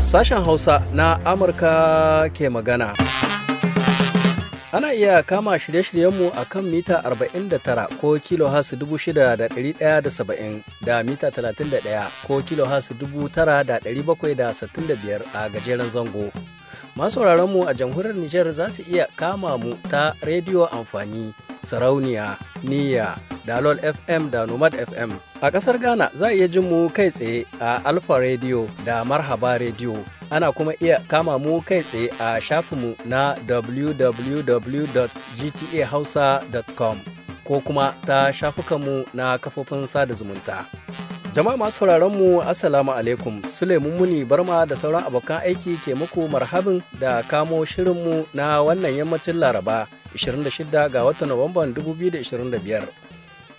Sashen Hausa na Amurka ke magana. Ana iya kama shirye-shiryenmu a kan mita 49 ko hasu 6,170 da mita 31 ko kilo hasu 9,765 a gajeren zango. Masu mu a jamhuriyar Nijar za su iya kama mu ta rediyo amfani, sarauniya, niyya, dalol fm da nomad fm a ƙasar ghana za a iya jin mu kai tsaye a alfa radio da marhaba radio ana kuma iya kama mu kai tsaye a shafinmu na www.gtahausa.com ko kuma ta mu na kafofin sada zumunta jama'a masu mu assalamu alaikum suleiman muni barma da sauran abokan aiki ke muku marhabin da kamo shirinmu na wannan yammacin laraba 26 ga watan Nuwamban 2025.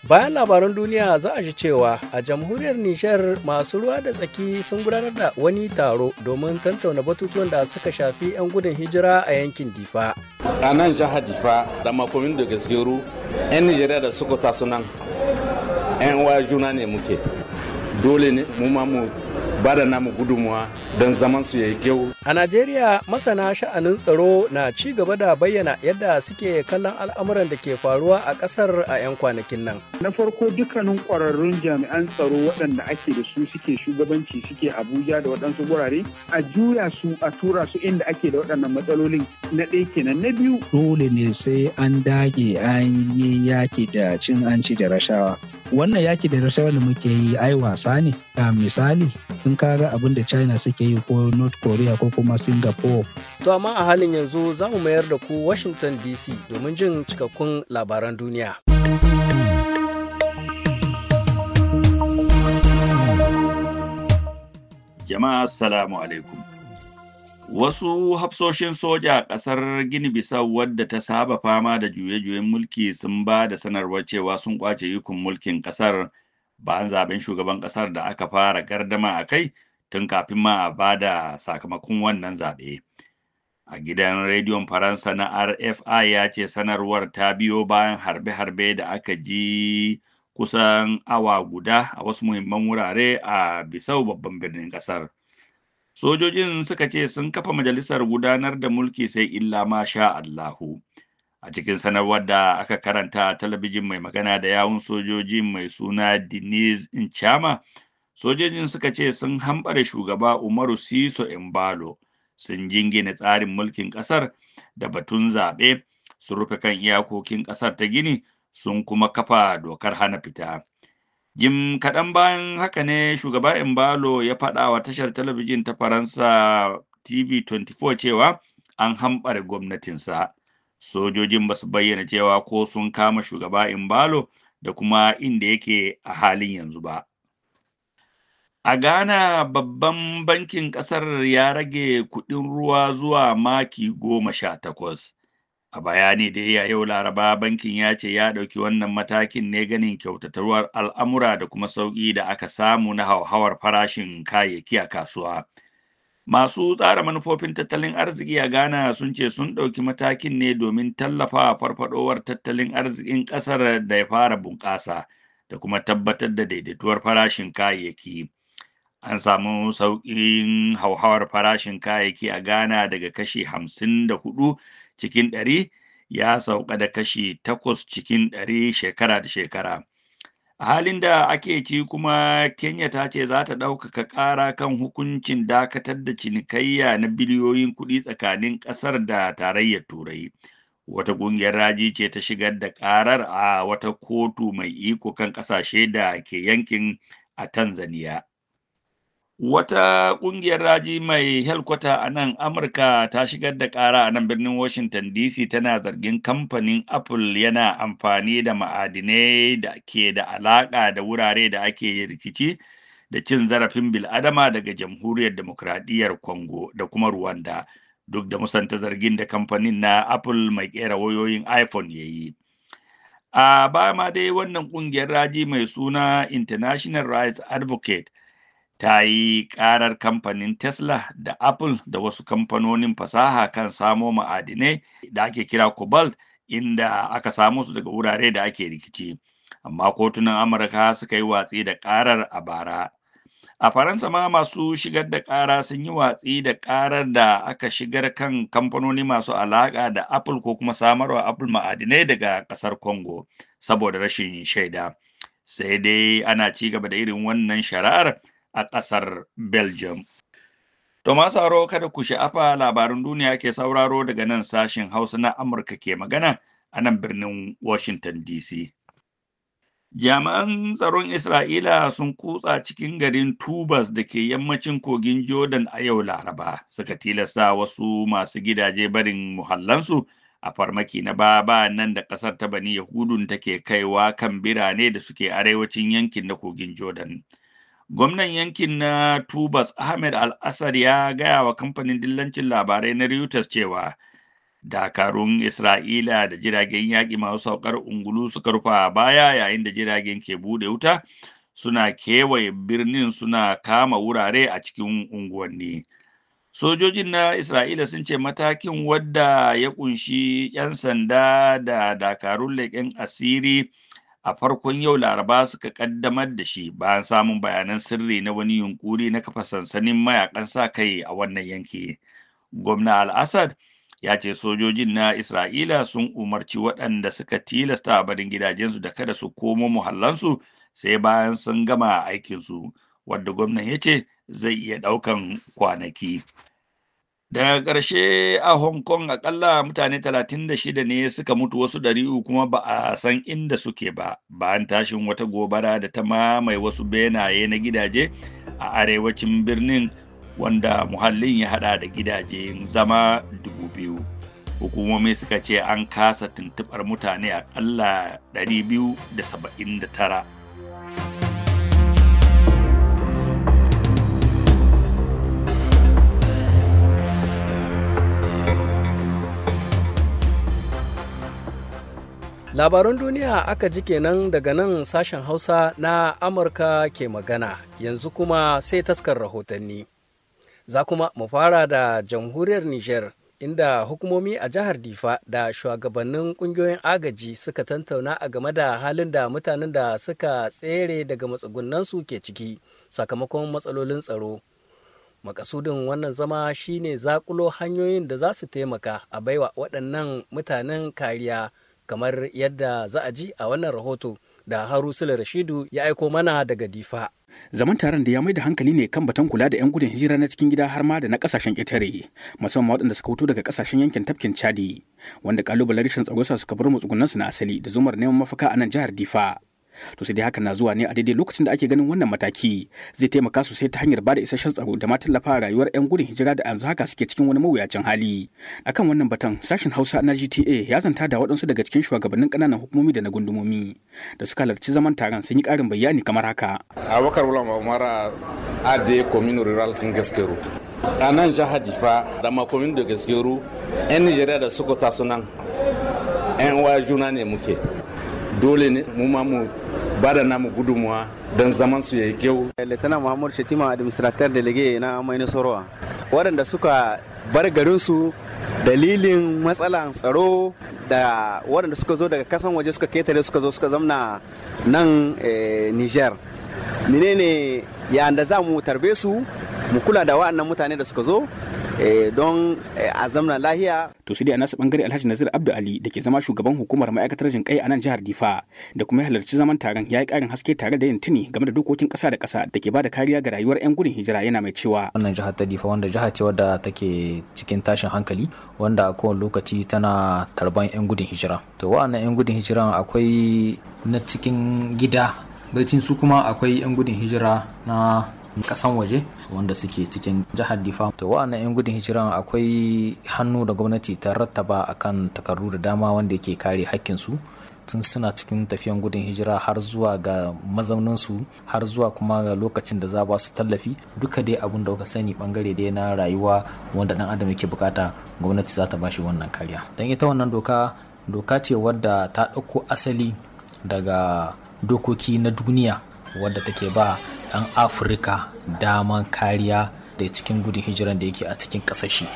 bayan labaran duniya za a ji cewa a jamhuriyar nishar masu ruwa da tsaki sun gudanar da wani taro domin tantauna batutuwan da suka shafi 'yan gudun hijira a yankin difa a nan jihar difa da makomin da 'yan nijeriya da suka taso nan 'yan uwa juna ne muke dole ne mu ma mu ba da namu gudunmuwa don zaman su yayi kyau. A Najeriya masana sha'anin tsaro na ci gaba da bayyana yadda suke kallon al'amuran da ke faruwa a ƙasar a 'yan kwanakin nan. Na farko dukkanin ƙwararrun jami'an tsaro waɗanda ake da su suke shugabanci suke Abuja da waɗansu wurare a juya su a tura su inda ake da waɗannan matsalolin na ɗaya kenan na biyu. Dole ne sai an dage an yi yaki da cin hanci da rashawa. wannan yaki da rashawa da muke yi ai wasa ne a misali in ka ga abin da china suke yi ko north korea ko kuma singapore to amma a halin yanzu za mu mayar da ku washington dc domin jin cikakkun labaran duniya jama'a assalamu alaikum Wasu hafsoshin soja a ƙasar Gini Bisau wadda ta saba fama da juye-juyen mulki sun ba da sanarwar cewa sun kwace ikon mulkin ƙasar bayan zaben shugaban ƙasar da aka fara gardama a kai tun kafin ma a ba da sakamakon wannan zaɓe. A gidan rediyon Faransa na RFI ya ce sanarwar ta biyo bayan harbe-harbe da aka ji kusan awa guda a wasu muhimman wurare a Bisau babban birnin ƙasar. Sojojin suka ce sun kafa majalisar gudanar da mulki sai illa ma sha Allahu. A cikin sanarwar da aka karanta talabijin mai magana da yawun sojoji mai suna Deniz Inchama, sojojin suka ce sun hambare shugaba Umaru Siso imbalo sun jingina tsarin mulkin ƙasar da batun zaɓe, sun rufe kan iyakokin ƙasar ta Gini, sun kuma kafa dokar hana fita. jim kaɗan bayan haka ne shugaba imbalo ya faɗa wa tashar talabijin ta faransa tv 24 cewa an hambare gwamnatinsa sojojin ba su bayyana cewa ko sun kama shugaba imbalo da kuma inda yake a halin yanzu ba a ghana babban bankin ƙasar ya rage kuɗin ruwa zuwa maki goma sha takwas A bayani da ya yau Laraba bankin ya ce ya ɗauki wannan matakin ne ganin kyautatarwar al'amura da kuma sauƙi da aka samu na hauhawar farashin kayayyaki a kasuwa. Masu tsara manufofin tattalin arziki a Ghana sun ce sun ɗauki matakin ne domin tallafa farfadowar tattalin arzikin ƙasar da ya fara bunƙasa da kuma tabbatar da daidaituwar farashin kayayyaki. An samu sauƙin hauhawar farashin kayayyaki a Ghana daga kashi hamsin da hudu cikin ɗari ya sauka da kashi takwas cikin ɗari shekara da shekara a halin da ake ci kuma kenya ta ce za ta ɗaukaka ƙara kan hukuncin dakatar da cinikayya na biliyoyin kuɗi tsakanin ƙasar da tarayyar turai wata ƙungiyar raji ce ta shigar da ƙarar a wata kotu mai iko kan ƙasashe da ke yankin a tanzania Wata ƙungiyar raji mai helkwata a nan Amurka ta shigar da ƙara a nan birnin Washington DC tana zargin kamfanin Apple yana amfani da ma'adinai da ke da alaƙa da wurare da ake rikici da cin zarafin bil'adama daga jamhuriyar demokradiyyar Congo da kuma Rwanda duk da musanta zargin da kamfanin na Apple mai ƙera wayoyin iPhone ya yi. A ba ma dai wannan ƙungiyar raji mai suna International Rights Advocate ta yi karar kamfanin tesla da apple da wasu kamfanonin fasaha kan samo ma'adinai da ake kira cobalt inda aka samo su daga wurare da ake rikici amma kotunan amurka suka yi watsi da karar a bara a faransa ma masu shigar da kara sun yi watsi da karar da aka shigar kan kamfanoni masu alaka da apple ko kuma samarwa apple ma'adinai daga kasar congo saboda rashin shaida sai dai ana ci gaba da irin wannan shari'ar a ƙasar Belgium. To masu kada ku sha'afa labarin duniya ke sauraro daga nan sashen Hausa na Amurka ke magana a nan birnin Washington DC. Jami'an tsaron Isra'ila sun kutsa cikin garin Tubas da ke yammacin kogin Jordan a yau Laraba suka tilasta wasu masu gidaje barin muhallansu a farmaki na baba nan da ƙasar ta bani Yahudun take kaiwa kan birane da suke arewacin yankin na kogin Jordan. Gwamnan yankin na Tubas Ahmed Al-Assad ya gaya wa kamfanin dillancin labarai na Reuters cewa dakarun Isra'ila da jiragen yaƙi masu saukar ungulu suka rufa baya yayin da jiragen ke buɗe wuta suna kewaye birnin suna kama wurare a cikin unguwanni. Sojojin na Isra'ila sun ce matakin wadda ya ƙunshi 'yan sanda da dakarun leƙen asiri. a farkon yau laraba suka kaddamar da shi bayan samun bayanan sirri na wani yunkuri na kafa sansanin mayakan sa kai a wannan yanki gwamna al-assad ya ce sojojin na isra'ila sun umarci waɗanda suka tilasta barin gidajensu da kada su komo muhallansu sai bayan sun gama aikinsu wadda gwamnan ya ce zai iya ɗaukan kwanaki daga ƙarshe a hong kong aƙalla mutane shida ne suka mutu wasu 300 kuma ba a san inda suke ba bayan tashin wata gobara da ta mamaye wasu benaye na gidaje a arewacin birnin wanda muhallin ya haɗa da gidajen zama 2000 hukumomi suka ce an kasa tuntuɓar mutane da da tara. labaran duniya aka ji kenan daga nan sashen hausa na amurka ke magana yanzu kuma sai taskar rahotanni za kuma mu fara da jamhuriyar niger inda hukumomi a jihar difa da shugabannin kungiyoyin agaji suka tantauna a game da halin da mutanen da suka tsere daga matsugunansu ke ciki sakamakon matsalolin tsaro makasudin wannan zama shine zakulo hanyoyin da za su taimaka a baiwa waɗannan mutanen kariya kamar yadda za a ji a wannan rahoto da harusula rashidu ya aiko mana daga difa zaman taron da ya mai da hankali ne kan batun kula da 'yan gudun hijira na cikin gida har ma da na kasashen ƙetare musamman waɗanda suka hoto daga kasashen yankin tafkin chadi wanda kalubalen rashin tsaro suka bar matsugunan su na asali da zumar neman mafaka a nan jihar difa to sai dai haka na zuwa ne a daidai lokacin da ake ganin wannan mataki zai taimaka sosai ta hanyar bada isasshen tsaro da ma tallafa rayuwar 'yan gudun hijira da yanzu haka suke cikin wani mawuyacin hali akan wannan batan sashen hausa na gta ya zanta da waɗansu daga cikin shugabannin ƙananan hukumomi da na gundumomi da suka halarci zaman taron sun yi ƙarin bayani kamar haka abubakar wula a ade communal rural kan gaskero a nan jihar difa da makomin da gaskero 'yan nigeria da suka taso nan 'yan juna ne muke dole ne mu ma mu ba da namu gudunmuwa don zaman su yayi kyau. Lieutenant Muhammadu Shatima administrator delege na Maini Sorowa. Waɗanda suka bar garin su dalilin matsalan tsaro da waɗanda suka zo daga kasan waje suka ketare suka zo suka zamna nan eh, Niger. Menene ya da za mu tarbe su mu kula da waɗannan mutane da suka zo Eh, don eh, a zamna lahiya. To sai dai a nasu bangare Alhaji Nazir Abdu Ali da ke zama shugaban hukumar ma'aikatar jin a nan jihar Difa da kuma halarci zaman taron ya yi karin haske tare da yin tuni game da dokokin kasa da kasa da ke da kariya ga rayuwar 'yan gudun hijira yana mai cewa. Wannan jihar ta Difa wanda jiha ce wadda take cikin tashin hankali wanda a kowane lokaci tana tarban 'yan gudun hijira. To wa'annan 'yan gudun hijira akwai na cikin gida bacin su kuma akwai 'yan gudun hijira na kasan waje wanda suke cikin jihar difa to wa'annan 'yan gudun hijira akwai hannu da gwamnati ta rattaba akan takardu da dama wanda yake kare hakkin su tun suna cikin tafiyan gudun hijira har zuwa ga mazauninsu har zuwa kuma ga lokacin da za ba su tallafi duka dai abun da kuka sani bangare dai na rayuwa wanda dan adam yake bukata gwamnati za ta bashi wannan kariya dan ita wannan doka doka ce wadda ta ɗauko asali daga dokoki na duniya wadda take ba yan afirka daman kariya da cikin gudun hijiran da yake a cikin kasashe.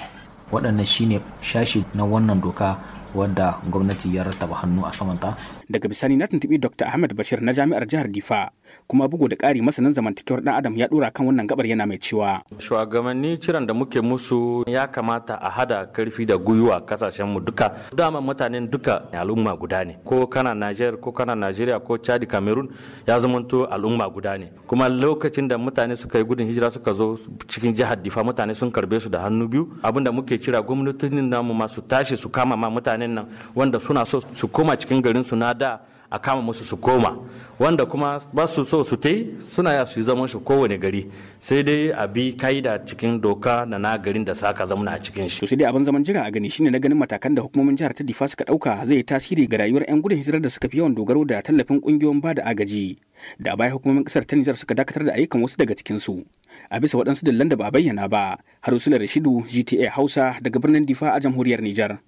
waɗannan shine shashi na wannan doka wadda gwamnati ya rattaba hannu a samanta daga bisani na tuntubi dr ahmed bashir na jami'ar jihar difa kuma bugu da ƙari masanin zamantakewar ɗan adam ya ɗora kan wannan gabar yana mai cewa shugabanni ciran da muke musu ya kamata a hada karfi da gwiwa kasashen mu duka dama mutanen duka al'umma guda ne ko kana Niger ko kana Nigeria ko Chad Cameroon ya zamanto al'umma guda ne kuma lokacin da mutane suka yi gudun hijira suka zo cikin jihar Difa mutane sun karbe su da hannu biyu abinda muke kira gwamnatin namu ma tashi su kama ma mutanen nan wanda suna so su koma cikin garin su na da a kama musu su koma wanda kuma ba su so su tai suna ya su yi zaman shi kowane gari sai dai a bi ka'ida cikin doka na na garin da saka zamana a cikin shi. sai dai abin zaman jira a gani shine na ganin matakan da hukumomin jihar ta difa suka dauka zai yi tasiri ga rayuwar yan gudun hijirar da suka fi yawan dogaro da tallafin kungiyoyin ba da agaji da a baya hukumomin kasar ta nijar suka dakatar da ayyukan wasu daga cikin su a bisa waɗansu dillan da ba a bayyana ba harusula rashidu gta hausa daga birnin difa a jamhuriyar nijar.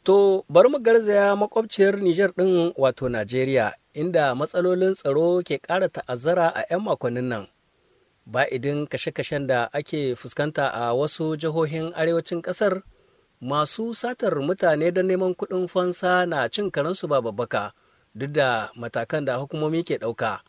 To bari mu garzaya makwabciyar Nijar ɗin wato Najeriya inda matsalolin tsaro ke ƙara ta'azzara a 'yan makonnin nan. ba idin kashe-kashen da ake fuskanta a wasu jihohin arewacin ƙasar masu satar mutane da neman kuɗin fansa na cin karansu ba babbaka duk da matakan da hukumomi ke ɗauka.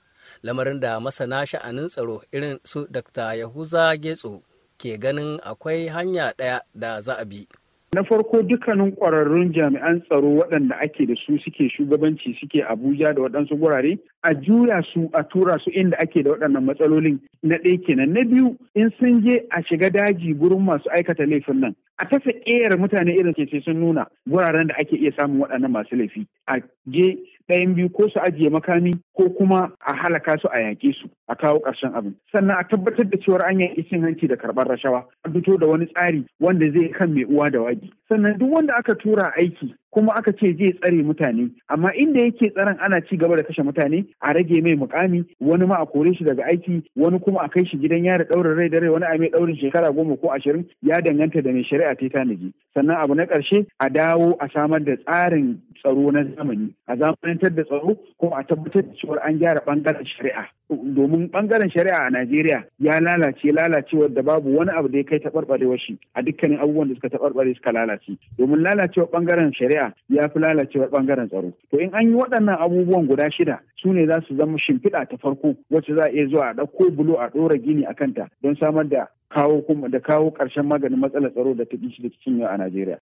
Lamarin da masana sha'anin tsaro irin su Dr. Yahuza Getso ke ganin akwai hanya ɗaya da za a bi. Na farko dukkanin ƙwararrun jami'an tsaro waɗanda ake da su suke shugabanci suke Abuja da waɗansu gurare a juya su a tura su inda ake da waɗannan matsalolin na ɗaya kenan. Na biyu in sun je a shiga daji gurin masu aikata laifin nan. A tafi ƙeyar mutane irin ce sun nuna guraren da ake iya samun waɗannan masu laifi. A je ɗayan biyu ko su ajiye makami ko kuma a halaka su a yaƙe su a kawo ƙarshen abin sannan a tabbatar da cewar an yaƙi cin hanci da karɓar rashawa a fito da wani tsari wanda zai kan mai uwa da wagi sannan duk wanda aka tura aiki kuma aka ce zai tsare mutane amma inda yake tsaron ana ci gaba da kashe mutane a rage mai mukami wani ma a kore shi daga aiki wani kuma a kai shi gidan yari ɗaurin rai da rai wani a mai ɗaurin shekara goma ko ashirin ya danganta da mai shari'a ta tanaji sannan abu na ƙarshe a dawo a samar da tsarin tsaro na zamani a zamanantar da tsaro kuma a tabbatar da cewa cewar an gyara bangaren shari'a domin bangaren shari'a a Najeriya ya lalace lalacewar da babu wani abu da ya kai taɓarɓarewar shi a dukkanin abubuwan da suka taɓarɓare suka lalace domin lalacewar bangaren shari'a ya fi lalacewar bangaren tsaro to in an yi waɗannan abubuwan guda shida su ne za su zama shimfiɗa ta farko wacce za a iya zuwa a ɗauko bulo a ɗora gini a kanta don samar da kawo kuma da kawo ƙarshen maganin matsalar tsaro da ta ƙishi da cikin yau a Najeriya.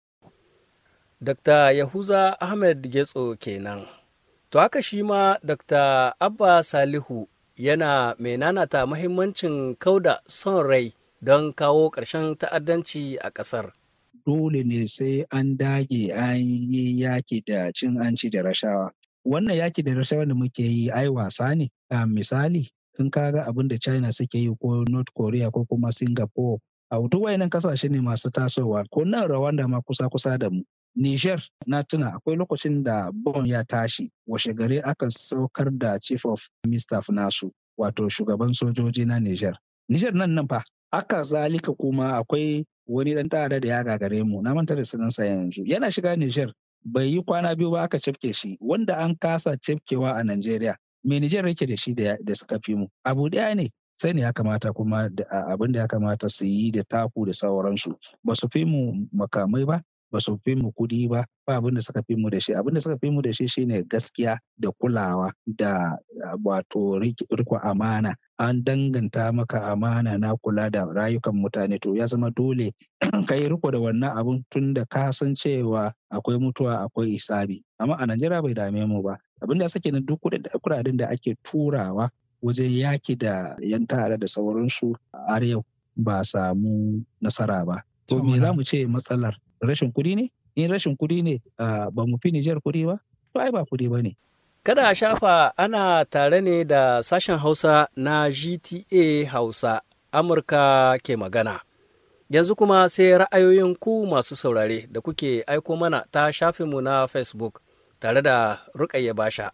Dr. Yahuza Ahmed Getso kenan. To haka shi ma Dr. Abba Salihu yana mai nanata mahimmancin kauda son rai don kawo ƙarshen ta'addanci a ƙasar. Dole ne sai an dage an yi yaki da cin anci da rashawa. Wannan yaki da rashawa da muke yi ai wasa ne. misali, in ka ga abin da China suke yi ko North Korea ko kuma Singapore a duk wayannan kasashe ne masu tasowa ko nan Rwanda ma kusa kusa da mu Niger na tuna akwai lokacin da bom ya tashi washe gari aka saukar da chief of staff nasu wato shugaban sojoji na Niger. Niger nan nan fa aka zalika kuma akwai wani dan ta'ada da ya gagare mu na manta da sunansa yanzu yana shiga Niger bai yi kwana biyu ba aka cefke shi wanda an kasa cefkewa a Najeriya me Niger yake da shi da suka fi mu abu daya ne sai ne ya kamata kuma abin da ya kamata su yi da taku da sauransu ba su fi mu makamai ba ba su fi mu kuɗi ba ba abin da suka fi mu da shi abin da suka fi mu da shi shine gaskiya da kulawa da ah, wato riko amana an danganta maka amana na kula da rayukan mutane to ya zama dole kai riko da wannan abun tun da ka san cewa akwai mutuwa akwai isabi amma a Najeriya bai dame mu ba abin da suke na duk kuɗaɗen da ake turawa wajen yaki da yan ta'ada da sauransu a yau ba samu nasara ba to me za mu ce matsalar rashin kuɗi ne in rashin kuɗi ne ba mu fi Nijar kuɗi ba to ai ba kuɗi ba ne. Kada a shafa ana tare ne da sashen Hausa na GTA Hausa Amurka ke magana. Yanzu kuma sai ra'ayoyin ku masu saurare da kuke aiko mana ta shafinmu na Facebook tare da Rukayya Basha.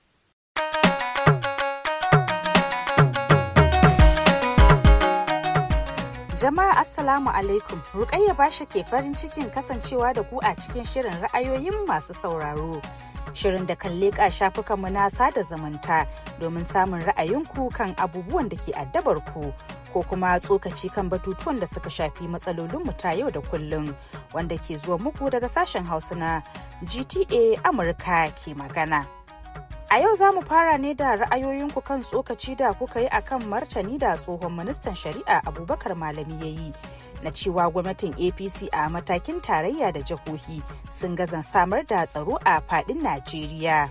Jama'a Assalamu alaikum Rukayya Basha ke farin cikin kasancewa da ku a cikin shirin ra'ayoyin masu sauraro. Shirin da kan leƙa shafukanmu na sada zumunta domin samun ra'ayinku kan abubuwan da ke addabar ku ko kuma tsokaci kan batutuwan da suka shafi matsalolinmu ta yau da kullum wanda ke zuwa muku daga sashen Hausa na GTA Amurka ke magana. A yau za mu fara ne da ra'ayoyinku kan tsokaci da kuka yi akan martani da tsohon ministan shari'a Abubakar Malami ya yi. Na cewa gwamnatin APC a matakin tarayya da jihohi sun gazan samar da tsaro a fadin Najeriya.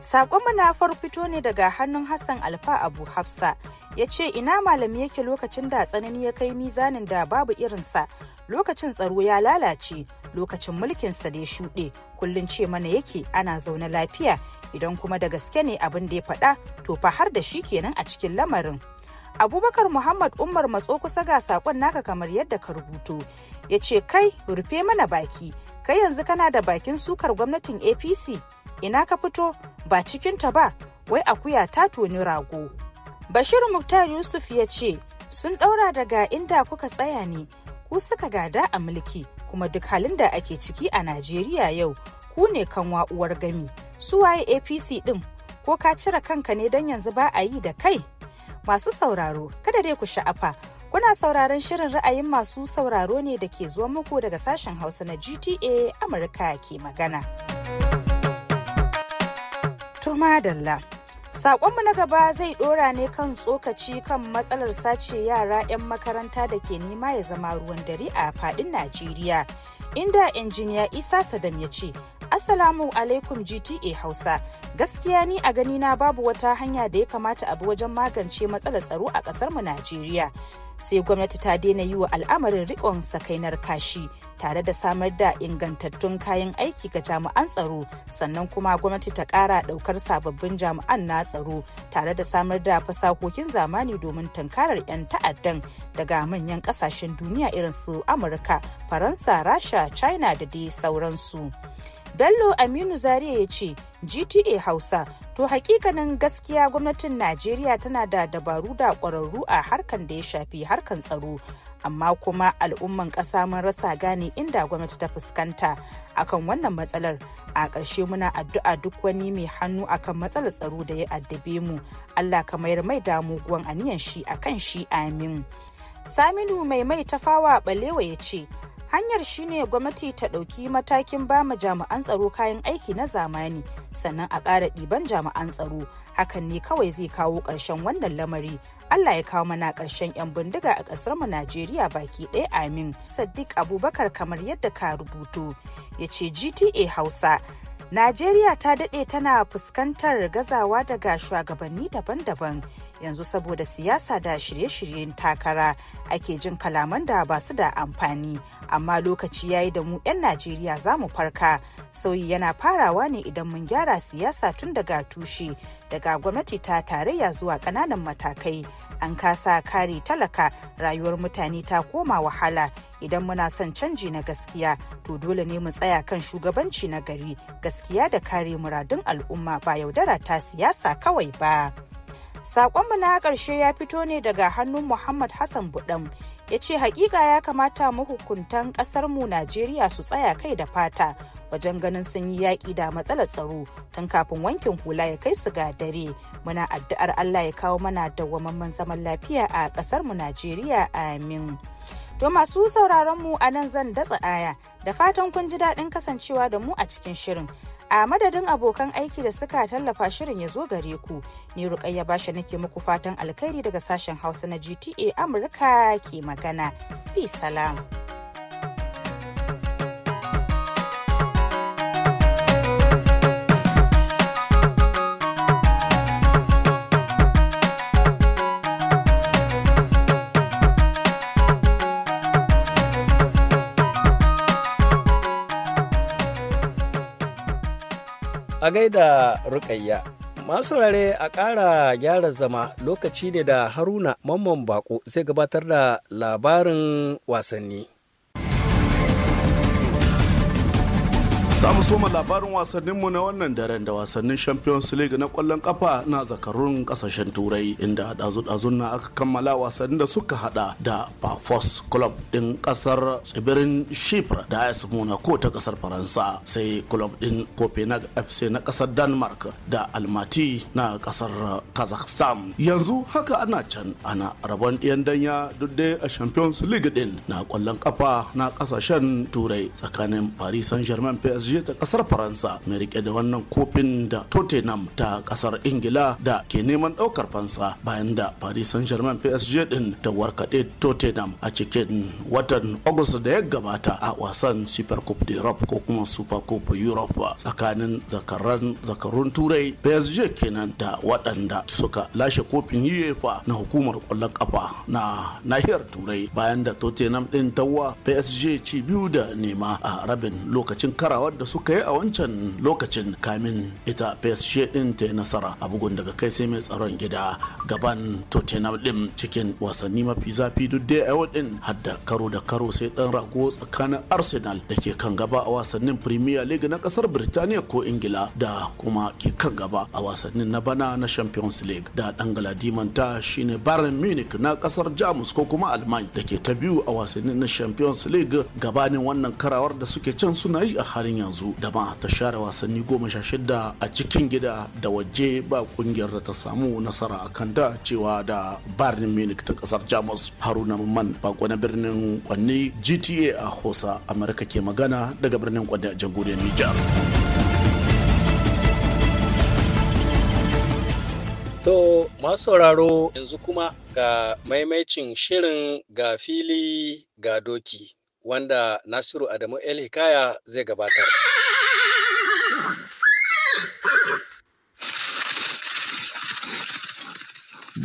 Sakonmu na far fito ne daga hannun Hassan Alfa Abu Hafsa ya ce ina malami yake lokacin da tsanani ya kai mizanin da babu irinsa lokacin tsaro ya lalace lokacin mulkin da ya shuɗe kullum ce mana yake ana zaune lafiya idan kuma da gaske ne abin da ya faɗa to fa har da shi kenan a cikin lamarin abubakar muhammad umar matso kusa ga sakon naka kamar yadda ka rubuto ya ce kai rufe mana baki kai yanzu kana da bakin sukar gwamnatin apc ina ka fito ba cikinta ba wai akuya ta toni rago bashir muktar yusuf ya ce sun ɗaura daga inda kuka tsaya ne ku suka gada a mulki kuma duk halin da ake ciki a najeriya yau ku ne kanwa uwar gami su waye apc ɗin? ko ka cire kanka ne don yanzu ba a yi da kai masu sauraro kada dai ku sha'afa kuna sauraron shirin ra'ayin masu sauraro ne da ke zuwa muku daga sashen hausa na gta amurka ke magana. Toma Dalla. Sakonmu na gaba zai ɗora ne kan tsokaci kan matsalar sace yara 'yan makaranta da ke nema ya zama ruwan dare a faɗin Najeriya. Inda injiniya Isa Sadam ya ce, Assalamu alaikum GTA Hausa. Gaskiya ni a ganina babu wata hanya da ya kamata abu wajen magance matsalar tsaro a ƙasarmu Najeriya. sai gwamnati ta daina yi wa al'amarin rikon sakainar kashi tare da samar da ingantattun kayan aiki ga jami'an tsaro sannan kuma gwamnati ta ƙara ɗaukar sababbin jami'an na tsaro tare da samar da fasahohin zamani domin tankarar 'yan ta'addan daga manyan ƙasashen duniya irin su amurka faransa rasha china da dai sauransu bello aminu zaria ya ce GTA Hausa. To hakikanin gaskiya gwamnatin Najeriya tana da dabaru da ƙwararru a harkan da ya shafi harkan tsaro. Amma kuma al'umman ƙasa mun rasa gane inda gwamnati ta fuskanta akan wannan matsalar. A ƙarshe muna addu'a duk wani mai hannu akan matsalar tsaro da ya addabe mu. Allah ka mayar mai damuguwan aniyan shi akan shi amin. Saminu mai mai tafawa balewa ya ce, hanyar shine gwamnati ta ɗauki matakin ba ma jami'an tsaro kayan aiki na zamani sannan a ƙara ɗiban jami'an tsaro hakan ne kawai zai kawo ƙarshen wannan lamari allah ya kawo mana ƙarshen 'yan bindiga a ƙasar mu najeriya baki ɗaya amin saddiq abubakar kamar yadda ka rubuto ya ce gta hausa Najeriya ta daɗe tana fuskantar gazawa daga shugabanni daban-daban yanzu saboda siyasa da shirye-shiryen takara ake jin kalaman da ba su da amfani amma lokaci yayi da mu 'yan Najeriya za mu farka sauyi yana farawa ne idan mun gyara siyasa tun daga tushe daga gwamnati ta tarayya zuwa ƙananan matakai an kasa kare talaka rayuwar mutane ta koma wahala idan muna son canji na gaskiya to dole ne mu tsaya kan shugabanci na gari gaskiya da kare muradun al'umma ba yaudara ta siyasa kawai ba. Sakonmu na ƙarshe ya fito ne daga hannun Muhammad Hassan budan ya ce hakika ya kamata mahukuntan ƙasarmu Najeriya su tsaya kai da fata wajen ganin sun yi yaƙi da matsalar tsaro tun kafin wankin hula ya kai su ga dare. Muna addu'ar Allah ya kawo mana dawwamamman zaman lafiya a ƙasarmu Najeriya amin. To masu sauraron mu a nan zan datsa aya da fatan kun ji daɗin kasancewa da mu a cikin shirin. A madadin abokan aiki da suka tallafa shirin ya zo gare ku, ni ya bashi nake muku fatan alkhairi daga sashen Hausa na GTA Amurka ke magana. Peace salam. a gaida rukayya masu rare a ƙara gyara zama lokaci ne da haruna mamman bako zai gabatar da labarin wasanni samu soma labarin wasanninmu na wannan daren da wasannin Champions League na kwallon kafa na zakarun kasashen turai inda dazu-dazun na aka kammala wasannin da suka hada da Pafos Club din kasar tsibirin Shipra da AS ko ta kasar Faransa sai club din Copenhagen FC na kasar Denmark da Almaty na kasar Kazakhstan. Yanzu haka ana can ana rabon ɗiyan danya duk dai a Champions League din na kwallon kafa na kasashen turai tsakanin Paris Saint-Germain PSG belgium ta kasar faransa mai rike da wannan kofin da tottenham ta kasar ingila da ke neman daukar fansa bayan da paris saint germain psg din ta warkade tottenham a cikin watan agusta da ya gabata a wasan super cup europe ko kuma super cup europe tsakanin zakaran zakarun turai psg kenan da waɗanda suka lashe kofin uefa na hukumar kwallon kafa na nahiyar turai bayan da tottenham din tawa psg ci biyu da nema a rabin lokacin karawar da suka yi a wancan lokacin kamin ita PSG din ta yi nasara a bugun daga kai sai mai tsaron gida gaban Tottenham din cikin wasanni mafi zafi duk dai a din hadda karo da karo sai dan rago tsakanin Arsenal da ke kan gaba a wasannin Premier League na kasar Birtaniya ko Ingila da kuma ke kan gaba a wasannin na bana na Champions League da dan galadimanta shine Bayern Munich na kasar Jamus ko kuma Alman da ke ta biyu a wasannin na Champions League gabanin wannan karawar da suke can suna yi a halin yanzu yanzu da ma ta share wasanni goma sha shida a cikin gida da waje ba kungiyar da ta samu nasara a kan da cewa da Bayern Munich ta kasar Jamus Haruna man bako na birnin Kwanni GTA a Hosa Amurka ke magana daga birnin Kwanni a jamhuriyar Nijar. To masu sauraro yanzu kuma ga maimacin shirin ga fili ga doki. wanda Nasiru Adamu El Hikaya zai gabatar.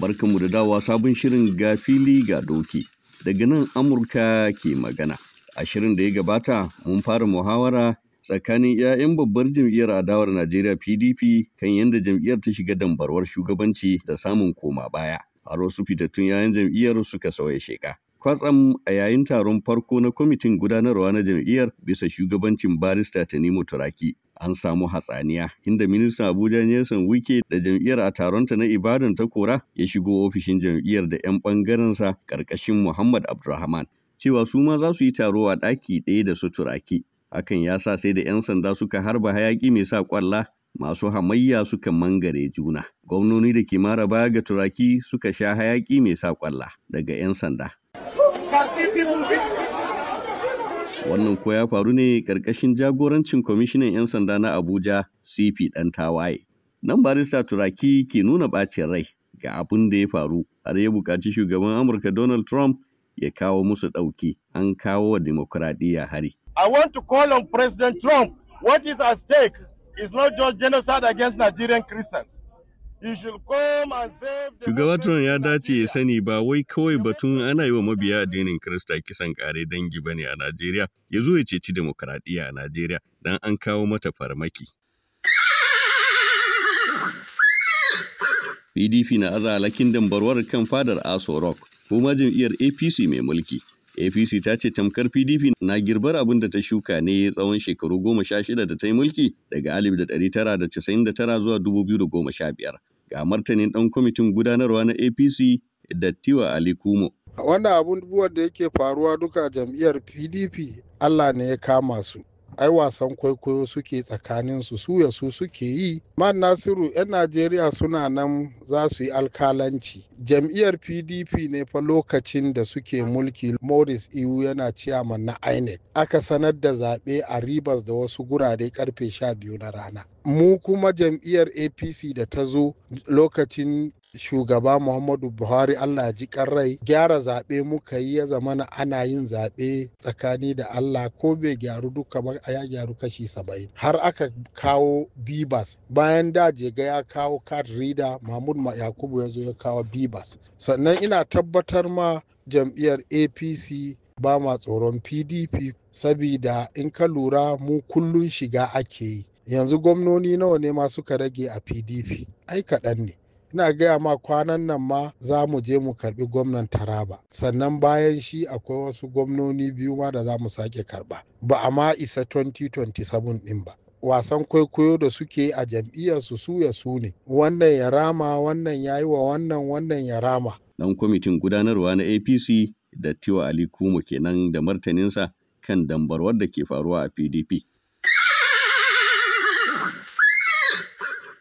Barkanmu da dawa sabon shirin ga fili ga doki daga nan Amurka ke magana. A shirin da ya gabata mun fara muhawara tsakanin 'ya'yan babbar jam'iyyar adawar Najeriya PDP kan yadda jam'iyyar ta shiga dambarwar shugabanci da samun koma baya. Har wasu fitattun 'ya'yan jam'iyyar suka sauya sheka. kwatsam a yayin taron farko na kwamitin gudanarwa na jam'iyyar bisa shugabancin barista ta Nemo Turaki. An samu hatsaniya inda ministan Abuja Nelson Wike da jam'iyyar a taronta na Ibadan ta kora ya shigo ofishin jam'iyyar da 'yan ɓangarensa ƙarƙashin Muhammad Abdulrahman cewa su ma za su yi taro a ɗaki ɗaya da su Turaki. Hakan ya sa sai da 'yan sanda suka harba hayaki mai sa kwalla masu hamayya suka mangare juna. Gwamnoni da ke mara baya ga turaki suka sha hayaki mai sa kwalla daga 'yan sanda. Wannan ko ya faru ne ƙarƙashin jagorancin kwamishinan 'yan sanda na Abuja CP ɗan tawaye. Nan barista Turaki ke nuna ɓacin rai ga abin da ya faru har ya buƙaci shugaban Amurka Donald Trump ya kawo musu ɗauki an kawo wa demokuraɗiyya hari. I want to call on President Trump what is at stake is not just genocide against Nigerian Christians. Shugaba Trump ya dace ya sani ba wai kawai batun ana yi wa mabiya addinin Kirista kisan kare dangi bane a Najeriya, ya zo ya ceci demokaradiyya a Najeriya dan an kawo mata farmaki. PDP na azalakin dambarwar kan fadar Aso Rock, kuma jam'iyyar APC mai mulki. apc ta ce tamkar pdp na girbar abin da ta shuka ne tsawon shekaru goma sha shida da ta yi mulki daga alif da ɗari tara da casa'in da tara zuwa dubu biyu da goma sha biyar ga martanin ɗan kwamitin gudanarwa na apc dattiwa ali kumo wannan abubuwan da yake faruwa duka jam'iyyar pdp allah ne ya kama su ai wasan kwaikwayo suke tsakanin su su ya su suke yi man nasiru 'yan najeriya suna nan za su yi alkalanci jam'iyyar pdp ne fa lokacin da suke mulki morris iwu yana ciyama na inec aka sanar da zaɓe a ribas da wasu gurare karfe 12 na rana mu kuma jam'iyyar apc da ta zo lokacin shugaba muhammadu buhari allah ji rai gyara zaɓe muka yi ya zamana ana yin zaɓe tsakani da allah ko bai gyaru duka ba ya gyaru kashi saba'in har aka kawo bibas bayan da jega ya kawo card reader mahmud yakubu ya zo ya kawo bibas sannan ina tabbatar ma jam'iyyar apc ba ma tsoron pdp sabida in ka lura mu kullun shiga ake yi yanzu gwamnoni nawa ne ma suka rage a pdp ai kaɗan ne ina gaya ma kwanan nan ma za mu je mu karbi gwamnan taraba sannan bayan shi akwai wasu gwamnoni biyu ma da za mu sake karba ba a ma isa 2027 din ba wasan kwaikwayo da suke a jam'iyyar su suya su ne wannan ya rama wannan ya yi wa wannan wannan ya rama dan kwamitin gudanarwa na apc da tiwa ali kuma kenan da martaninsa kan dambarwar da ke faruwa a pdp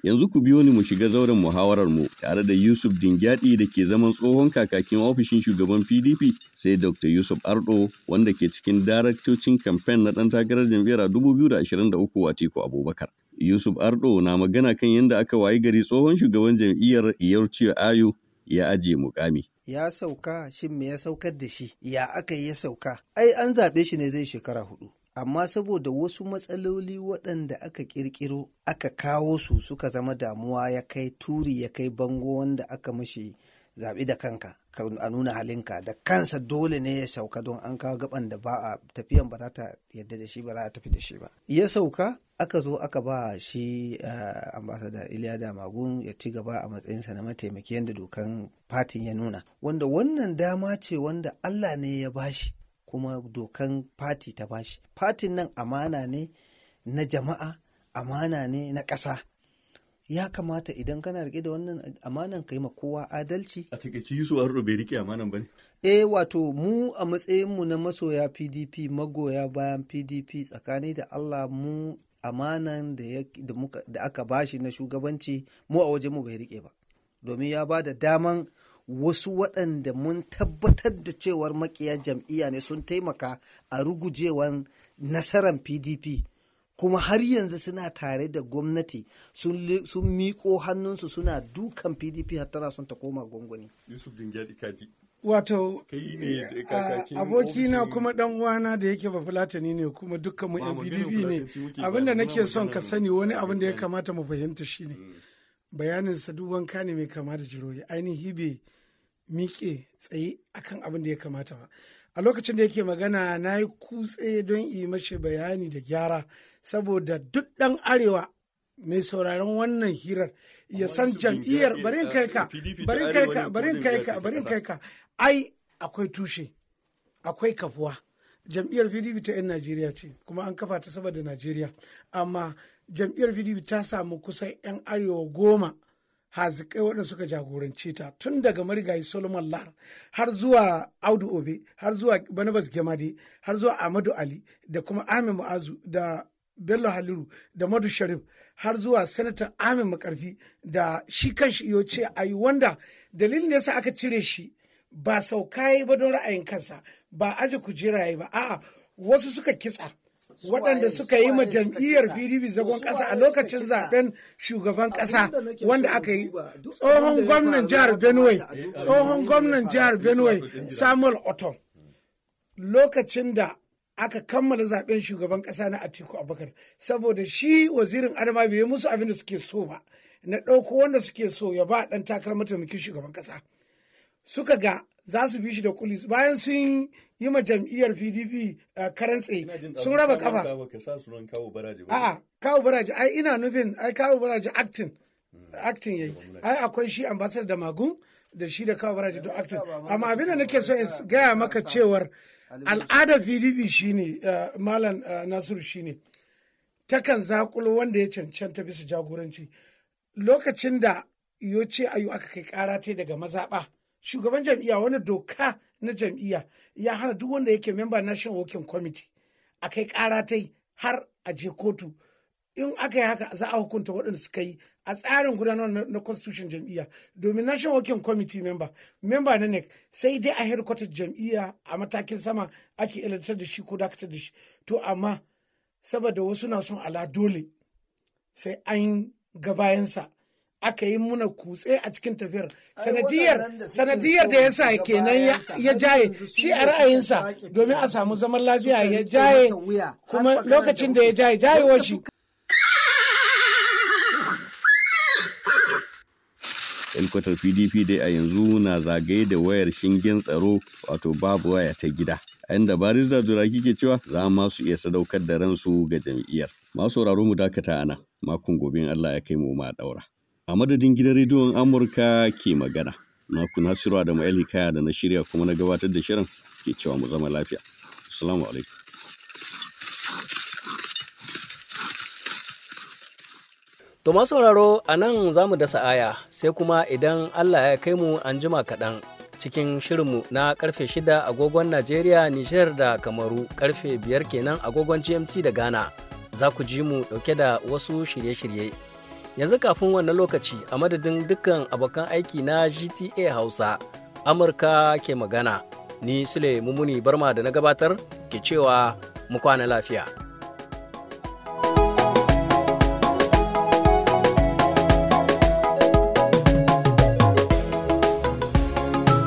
Yanzu ku biyo ni mu shiga zauren muhawarar mu tare da Yusuf Dingyadi da ke zaman tsohon kakakin ofishin shugaban PDP sai Dr. Yusuf Arɗo, wanda ke cikin daraktocin kamfen na ɗan takarar jam'iyyar 2023 Watiko Abubakar. Yusuf Ardo na magana kan yadda aka wayi gari tsohon shugaban jam'iyyar Iyarciyo Ayo ya ajiye mukami. Ya sauka shin me ya saukar da shi? Ya aka yi ya sauka? Ai an zaɓe shi ne zai shekara huɗu. amma saboda wasu matsaloli waɗanda aka ƙirƙiro aka kawo su suka zama damuwa ya kai turi ya kai bango wanda aka mashi zaɓi da kanka a nuna halinka da kansa dole ne ya sauka don an kawo gaban da ba a tafiyan ba za ta yadda da shi ba za a tafi da shi ba ya sauka aka zo aka ba shi eh, ambasada iliya damagun ya ci gaba a matsayinsa na mataimaki yadda dokan fatin ya nuna wanda wannan dama ce wanda allah ne ya bashi kuma dokan fati ta bashi fatin nan amana ne na jama'a amana ne na ƙasa ya kamata idan kana rike da wannan amanan ka yi ma kowa adalci a takaice yusu arro bai rike amanan ba ne eh wato mu a matsayinmu na masoya pdp magoya bayan pdp tsakani da allah mu amanan da aka bashi na shugabanci mu a wajenmu bai rike ba domin ya ba da daman wasu waɗanda mun tabbatar da cewar makiya jam'iyya ne sun taimaka a rugujewan nasarar pdp kuma har yanzu suna tare da gwamnati sun miƙo hannunsu suna dukan pdp har tana son ta koma gwangwani yusuf dingyadi kaji wato eh, eh, abokina kuma dan uwana da yake ba fulatani ne kuma dukkan mu pdp ne abinda nake son ka sani wani abin da ya kamata mu fahimta shine mm. bayanin sa duk wanka ne mai kama da jiroyi ainihin hibe miƙe tsaye akan abin da ya kamata ba a lokacin da yake magana na yi kutse don yi mashi bayani da gyara saboda duk ɗan arewa mai sauraron wannan hirar ya san jam'iyyar barin kai ka barin kai ka barin kai ka barin kai ka ai akwai tushe akwai kafuwa jam'iyyar pdp ta 'yan najeriya ce kuma an kafa ta saboda najeriya amma jam'iyyar pdp ta samu kusan 'yan arewa goma hazikai waɗanda suka jagorance ta tun daga marigayi solomon lar har zuwa audu obe har zuwa banabas gemade har zuwa amadu ali da kuma amin ma'azu da bello haliru da madu sharif har zuwa sanatan amin makarfi da shi kanshi iyo ce a yi wanda dalilin da yasa aka cire shi ba sauka ba don ra'ayin kansa ba aje kujera ba a'a wasu suka kitsa waɗanda suka yi ma jam'iyyar pdp zagon ƙasa a lokacin zaben shugaban ƙasa wanda aka yi tsohon gwamnan jihar benue tsohon gwamnan jihar benue samuel otto lokacin da aka kammala zaben shugaban ƙasa na atiku abubakar saboda shi wazirin adama bai yi musu abin da suke so ba na ɗauko wanda suke so ya ba ɗan takarar mataimakin shugaban ƙasa suka ga za su bi shi da kulis bayan sun yi ma jam'iyyar PDP karantse sun raba kafa. a kawo baraji ai ina nufin ai kawo baraji actin. Hmm. Actin yayi ai akwai shi ambassador da magun da shi da kawo baraji don actin. amma abin da nake so in gaya maka cewar al'adar PDP shine malam Nasiru shine takan zakulo wanda ya cancanta bisa jagoranci lokacin da yoce ayu aka kai kara ta daga mazaɓa shugaban jam'iyya wani doka na jam'iyya ya hana duk wanda yake member national working committee a kai karatai ta har a je kotu in aka yi haka za a hukunta waɗanda suka yi a tsarin gudanar na constitution jam'iyya domin national working committee member member na nec sai dai a headquarter jam'iyya a matakin sama ake ilantar da shi ko dakatar da shi to amma saboda wasu na son ala dole sai an ga bayansa aka yi muna kutse a cikin tafiyar sanadiyar sanadiyar da yasa kenan ya jaye shi a ra'ayinsa domin a samu zaman lafiya ya jaye kuma lokacin da ya jaye jaye shi helikwatar pdp dai a yanzu na zagaye da wayar shingen tsaro wato babu waya ta gida a inda barista duraki ke cewa za ma su iya sadaukar da ransu ga jam'iyyar masu sauraro mu dakata ana makon gobe allah ya kai mu ma daura A madadin gidan rediyon Amurka ke magana. Naku Nasiru Adamu Ali Kaya da na shirya kuma na gabatar da shirin ke cewa mu zama lafiya. Assalamu alaikum. To masu sauraro a nan za mu dasa aya sai kuma idan Allah ya kai mu an jima kaɗan cikin shirinmu na karfe shida agogon Najeriya, Nijar da Kamaru karfe biyar kenan agogon GMT da Ghana za ku ji mu ɗauke da wasu shirye-shirye. yanzu kafin wannan lokaci a madadin dukkan abokan aiki na gta hausa amurka ke magana ni sule mumuni barma da na gabatar ke cewa mu kwana lafiya